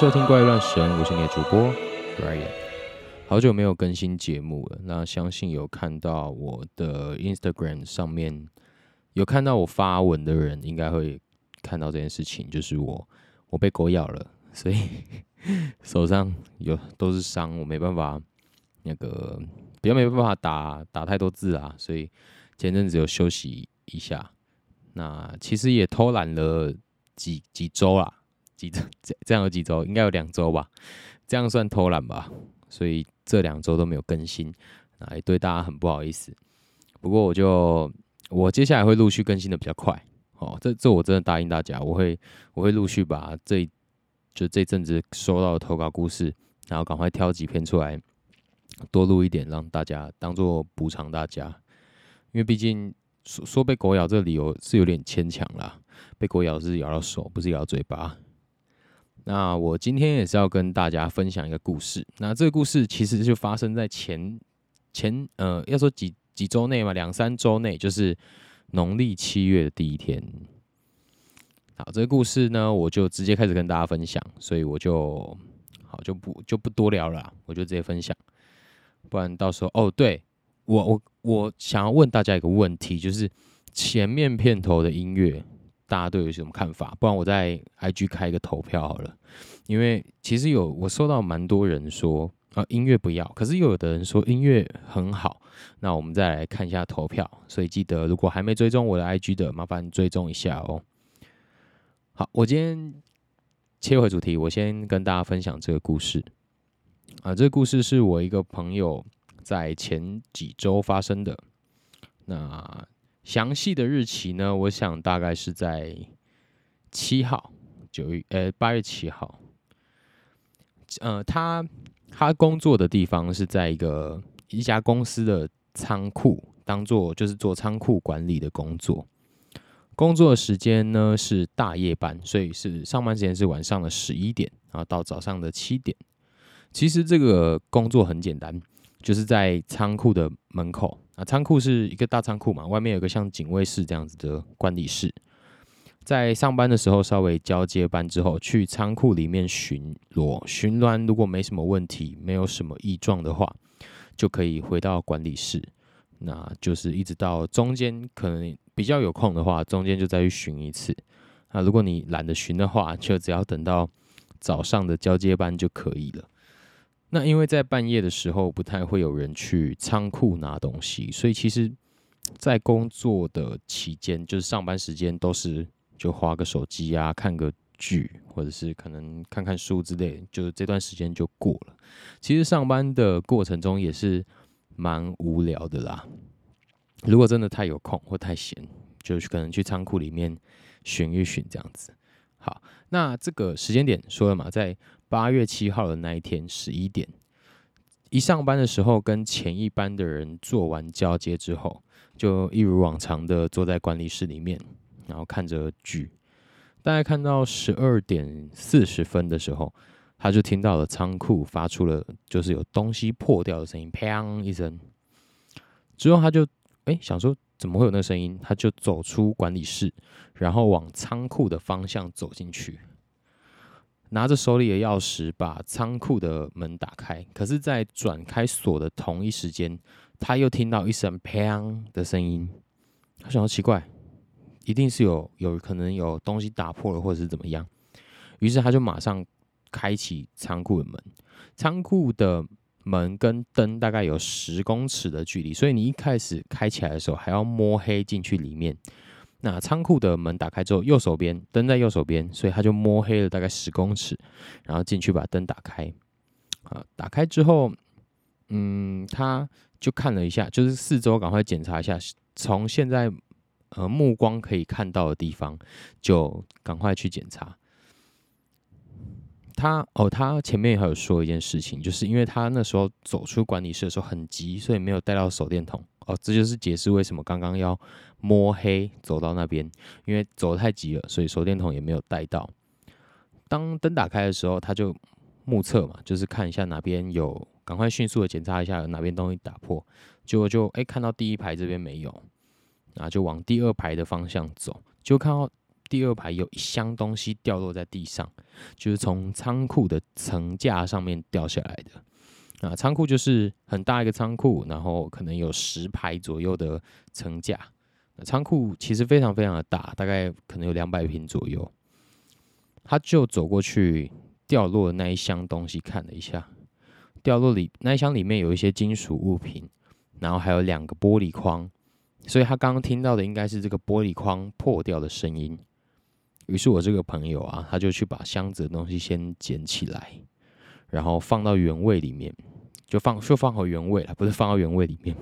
收聽怪亂神系列，我是主播 Brian，好久沒有更新節目了。那相信有看到我的 Instagram 上面有看到我發文的人，應該會看到這件事情，就是我我被狗咬了，所以手上有都是傷，我沒辦法那個，比較沒辦法打打太多字啊，所以前陣子有休息一下，那其實也偷懶了幾幾週啦。幾周，這這樣有幾周，應該有兩周吧。這樣算偷懶吧，所以這兩周都沒有更新，也對大家很不好意思。不過我就我接下來會陸續更新的比較快，哦，這這我真的答應大家，我會我會陸續把這就這陣子收到的投稿故事，然後趕快挑幾篇出來多錄一點，讓大家當做補償大家。因為畢竟說說被狗咬這個理由是有點牽強啦，被狗咬是咬到手，不是咬嘴巴。那我今天也是要跟大家分享一個故事。那這個故事其實就發生在前前呃，要說幾幾周內嘛，兩三周內，就是農曆七月的第一天。好，這個故事呢，我就直接開始跟大家分享，所以我就好就不就不多聊了啦，我就直接分享。不然到時候哦，對，我我我想要問大家一個問題，就是前面片頭的音樂。大家都有什麼看法？不然我在 IG 開一個投票好了，因為其實有我收到蠻多人說啊、呃，音樂不要，可是又有的人說音樂很好，那我們再來看一下投票。所以記得，如果還沒追蹤我的 IG 的，麻煩追蹤一下哦、喔。好，我今天切回主題，我先跟大家分享這個故事啊、呃。這個故事是我一個朋友在前幾周發生的，那。詳細的日期呢，我想大概是在七號，九月，欸，呃八月七號。呃，他他工作的地方是在一個一家公司的倉庫，當做就是做倉庫管理的工作。工作的時間呢是大夜班，所以是上班時間是晚上的十一點，然後到早上的七點。其實這個工作很簡單，就是在倉庫的門口。啊，倉庫是一個大倉庫嘛，外面有個像警衛室這樣子的管理室。在上班的時候，稍微交接班之後，去倉庫裡面巡邏。巡邏如果沒什麼問題，沒有什麼異狀的話，就可以回到管理室。那就是一直到中間，可能比較有空的話，中間就再去巡一次。啊，如果你懶得巡的話，就只要等到早上的交接班就可以了。那因為在半夜的時候不太會有人去倉庫拿東西，所以其實，在工作的期間，就是上班時間都是就滑個手機啊，看個劇，或者是可能看看書之類，就這段時間就過了。其實上班的過程中也是蠻無聊的啦。如果真的太有空或太閒，就可能去倉庫裡面巡一巡這樣子。好，那這個時間點說了嘛，在。八月七號的那一天十一點，一上班的時候，跟前一班的人做完交接之後，就一如往常的坐在管理室裡面，然後看着劇。大概看到十二點四十分的時候，他就聽到了倉庫發出了就是有東西破掉的聲音，砰一聲。之後他就哎、欸、想說怎麼會有那個聲音，他就走出管理室，然後往倉庫的方向走進去。拿着手裡的鑰匙，把倉庫的門打開。可是，在轉開鎖的同一時間，他又聽到一聲“砰”的聲音。他想說奇怪，一定是有有可能有東西打破了，或者是怎麼樣。於是，他就馬上開啟倉庫的門。倉庫的門跟燈大概有十公尺的距離，所以你一開始開起來的時候，還要摸黑進去裡面。那倉庫的門打開之後，右手邊，燈在右手邊，所以他就摸黑了大概十公尺，然後進去把燈打開。啊、呃，打開之後，嗯，他就看了一下，就是四周趕快檢查一下，從現在呃目光可以看到的地方就趕快去檢查。他哦，他前面還有說一件事情，就是因為他那時候走出管理室的時候很急，所以沒有帶到手電筒。哦，這就是解釋為什麼剛剛要摸黑走到那邊，因為走的太急了，所以手電筒也沒有帶到。當燈打開的時候，他就目測嘛，就是看一下哪邊有，趕快迅速的檢查一下有哪邊東西打破。結果就，哎，看到第一排這邊沒有，然後就往第二排的方向走，就看到第二排有一箱東西掉落在地上，就是從倉庫的層架上面掉下來的。啊，倉庫就是很大一個倉庫，然後可能有十排左右的層架。倉庫其實非常非常的大，大概可能有兩百平左右。他就走過去掉落的那一箱東西看了一下，掉落裡那一箱裡面有一些金屬物品，然後還有兩個玻璃框，所以他剛剛聽到的應該是這個玻璃框破掉的聲音。於是我這個朋友啊，他就去把箱子的東西先撿起來。然後放到原位裡面，就放就放回原位了，不是放到原位裡面。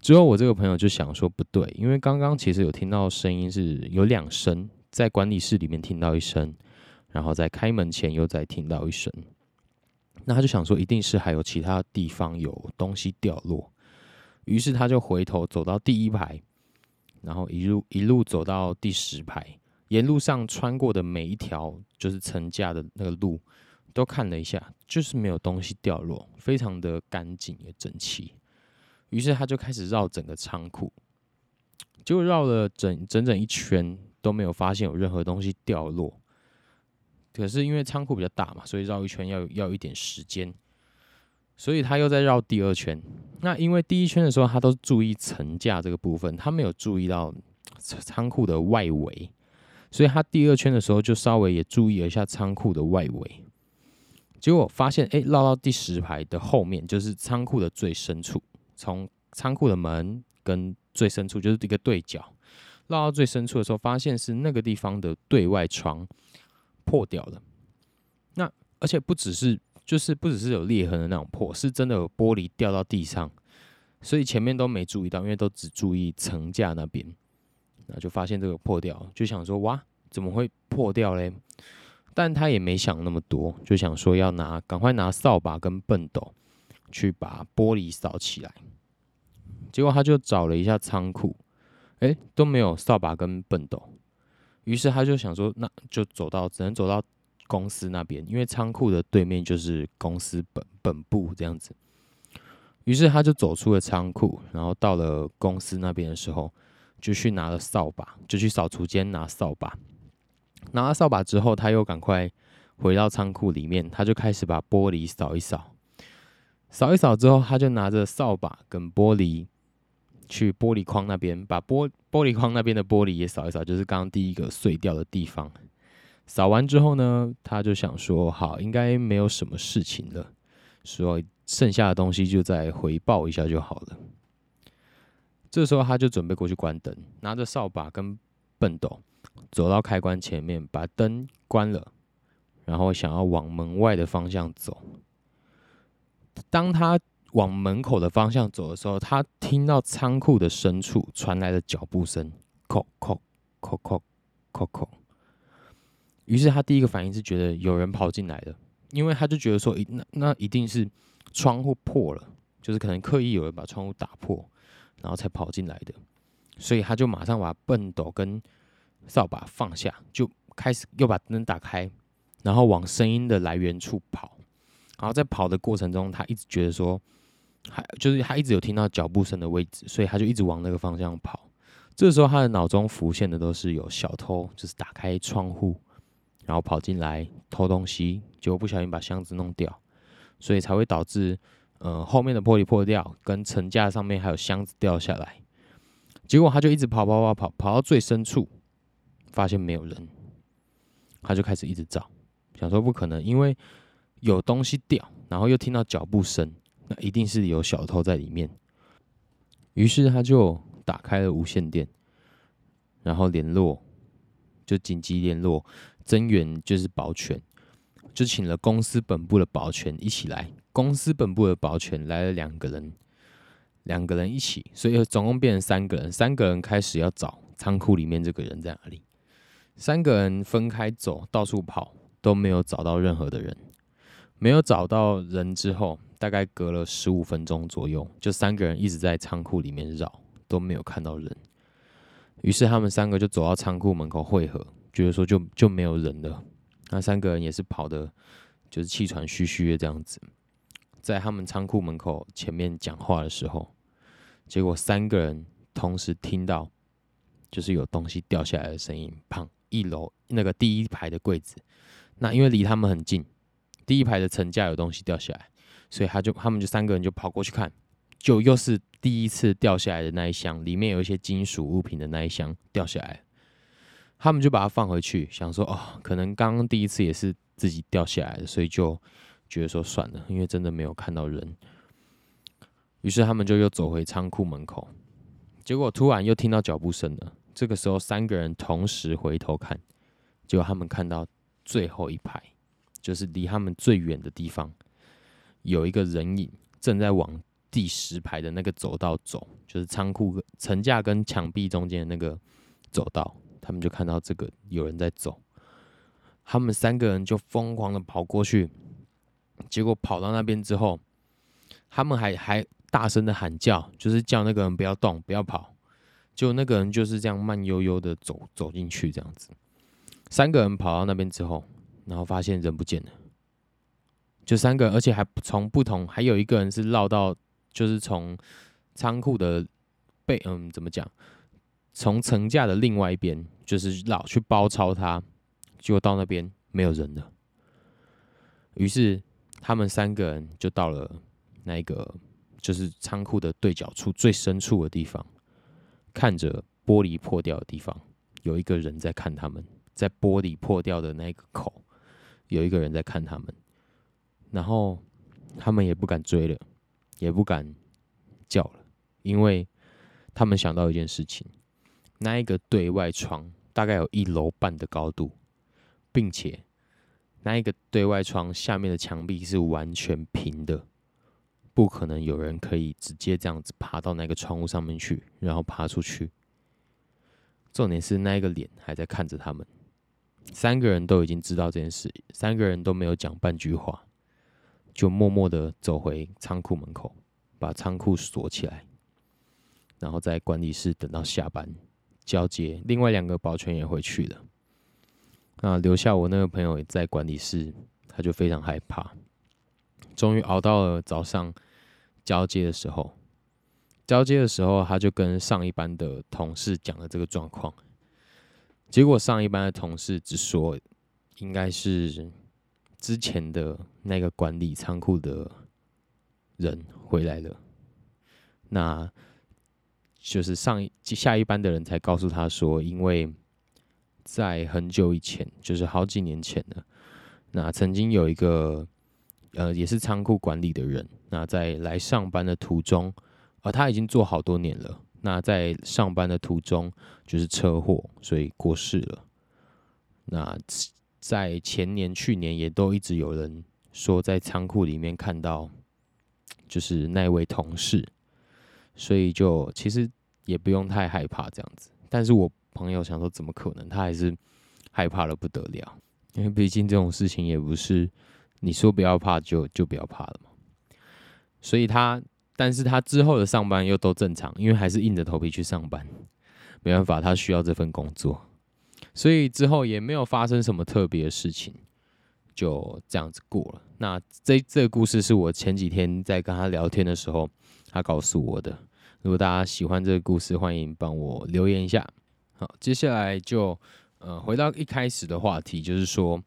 之後我這個朋友就想說不對，因為剛剛其實有聽到聲音是有兩聲，在管理室裡面聽到一聲，然後在開門前又再聽到一聲。那他就想說，一定是還有其他地方有東西掉落。於是他就回頭走到第一排，然後一路一路走到第十排，沿路上穿過的每一條就是層架的那個路。都看了一下，就是沒有東西掉落，非常的乾淨也整齊。於是他就開始繞整個倉庫，就繞了整整整一圈，都沒有發現有任何東西掉落。可是因為倉庫比較大嘛，所以繞一圈要要一點時間，所以他又在繞第二圈。那因為第一圈的時候他都注意層架這個部分，他沒有注意到倉庫的外圍，所以他第二圈的時候就稍微也注意了一下倉庫的外圍。結果發現，誒、欸，繞到第十排的後面，就是倉庫的最深處。從倉庫的門跟最深處就是一個對角，繞到最深處的時候，發現是那個地方的對外窗破掉了。那而且不只是，就是不只是有裂痕的那種破，是真的有玻璃掉到地上。所以前面都沒注意到，因為都只注意層架那邊，那就發現這個破掉，就想說，哇，怎麼會破掉嘞？但他也沒想那麼多，就想說要拿，趕快拿掃把跟畚斗去把玻璃掃起來。結果他就找了一下倉庫，欸，都沒有掃把跟畚斗。於是他就想說，那就走到只能走到公司那邊，因為倉庫的對面就是公司本本部這樣子。於是他就走出了倉庫，然後到了公司那邊的時候，就去拿了掃把，就去掃除間拿掃把。拿了掃把之後，他又趕快回到倉庫裡面，他就開始把玻璃掃一掃，掃一掃之後，他就拿着掃把跟玻璃去玻璃框那邊，把玻玻璃框那邊的玻璃也掃一掃，就是剛剛第一個碎掉的地方。掃完之後呢，他就想說：“好，應該沒有什麼事情了，所以剩下的東西就再回報一下就好了。”這時候他就準備過去關燈，拿着掃把跟畚斗。走到開關前面，把燈關了，然後想要往門外的方向走。當他往門口的方向走的時候，他聽到倉庫的深處傳來了腳步聲，叩叩叩叩叩叩，於是他第一個反應是覺得有人跑進來的，因為他就覺得說那，那那一定是窗戶破了，就是可能刻意有人把窗戶打破，然後才跑進來的，所以他就馬上把笨斗跟。掃把放下，就開始又把燈打開，然後往聲音的來源處跑。然後在跑的過程中，他一直覺得說，還就是他一直有聽到腳步聲的位置，所以他就一直往那個方向跑。這個時候他的腦中浮現的都是有小偷，就是打開窗戶，然後跑進來偷東西，結果不小心把箱子弄掉，所以才會導致、呃、後面的玻璃破掉，跟層架上面還有箱子掉下來。結果他就一直跑跑跑跑跑到最深處。發現沒有人，他就開始一直找，想說不可能，因為有東西掉，然後又聽到腳步聲，那一定是有小偷在裡面。於是他就打開了無線電，然後聯絡，就緊急聯絡增援，就是保全，就請了公司本部的保全一起來。公司本部的保全來了兩個人，兩個人一起，所以總共變成三個人，三個人開始要找倉庫裡面這個人在哪裡。三個人分開走，到處跑，都沒有找到任何的人。沒有找到人之後，大概隔了十五分鐘左右，就三個人一直在倉庫裡面繞，都沒有看到人。於是他們三個就走到倉庫門口匯合，就是說就就沒有人了。那三個人也是跑得，就是氣喘吁吁的這樣子，在他們倉庫門口前面講話的時候，結果三個人同時聽到，就是有東西掉下來的聲音，砰。一樓那個第一排的櫃子，那因為離他們很近，第一排的層架有東西掉下來，所以他就他們就三個人就跑過去看，就又是第一次掉下來的那一箱，裡面有一些金屬物品的那一箱掉下來，他們就把它放回去，想說哦，可能剛剛第一次也是自己掉下來的，所以就覺得說算了，因為真的沒有看到人，於是他們就又走回倉庫門口，結果突然又聽到腳步聲了。這個時候，三個人同時回頭看，結果他們看到最後一排，就是離他們最遠的地方，有一個人影正在往第十排的那個走道走，就是倉庫層架跟牆壁中間的那個走道。他們就看到這個有人在走，他們三個人就瘋狂的跑過去，結果跑到那邊之後，他們還還大聲的喊叫，就是叫那個人不要動，不要跑。就那個人就是這樣慢悠悠的走走進去，這樣子。三個人跑到那邊之後，然後發現人不見了。就三個人，而且還從不同，還有一個人是繞到，就是從倉庫的背，嗯，怎麼講？從層架的另外一邊，就是繞去包抄他，結果到那邊沒有人了。於是他們三個人就到了那一個，就是倉庫的對角處最深處的地方。看着玻璃破掉的地方，有一個人在看他們，在玻璃破掉的那個口，有一個人在看他們，然後他們也不敢追了，也不敢叫了，因為他們想到一件事情，那一個對外窗大概有一樓半的高度，並且那一個對外窗下面的牆壁是完全平的。不可能有人可以直接這樣子爬到那個窗戶上面去，然後爬出去。重點是那個臉還在看着他們，三個人都已經知道這件事，三個人都沒有講半句話，就默默的走回倉庫門口，把倉庫鎖起來，然後在管理室等到下班交接。另外兩個保全也回去了，那留下我那個朋友也在管理室，他就非常害怕。終於熬到了早上交接的時候。交接的時候，他就跟上一班的同事講了這個狀況。結果上一班的同事只說，應該是之前的那個管理倉庫的人回來了。那，就是上一，下一班的人才告訴他說，因為在很久以前，就是好幾年前了。那曾經有一個。呃，也是倉庫管理的人。那在來上班的途中，啊、呃、他已經做好多年了。那在上班的途中，就是車禍，所以過世了。那在前年、去年，也都一直有人說在倉庫裡面看到，就是那位同事。所以就其實也不用太害怕這樣子。但是我朋友想說，怎麼可能？他還是害怕得不得了，因為畢竟這種事情也不是。你說不要怕就，就就不要怕了嘛。所以他，但是他之後的上班又都正常，因為還是硬着頭皮去上班，沒辦法，他需要這份工作，所以之後也沒有發生什麼特別的事情，就這樣子過了。那這這個故事是我前幾天在跟他聊天的時候，他告訴我的。如果大家喜歡這個故事，歡迎幫我留言一下。好，接下來就呃回到一開始的話題，就是說。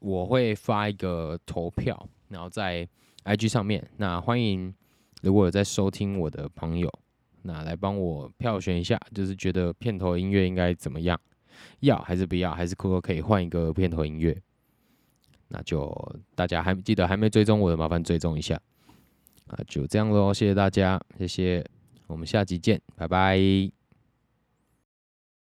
我會發一個投票，然後在 IG 上面。那歡迎如果有在收聽我的朋友，那來幫我票選一下，就是覺得片頭音樂應該怎麼樣，要還是不要，還是可不可以換一個片頭音樂。那就大家還記得還沒追蹤我的，麻煩追蹤一下。啊，就這樣嘍，謝謝大家，謝謝，我們下集見，拜拜。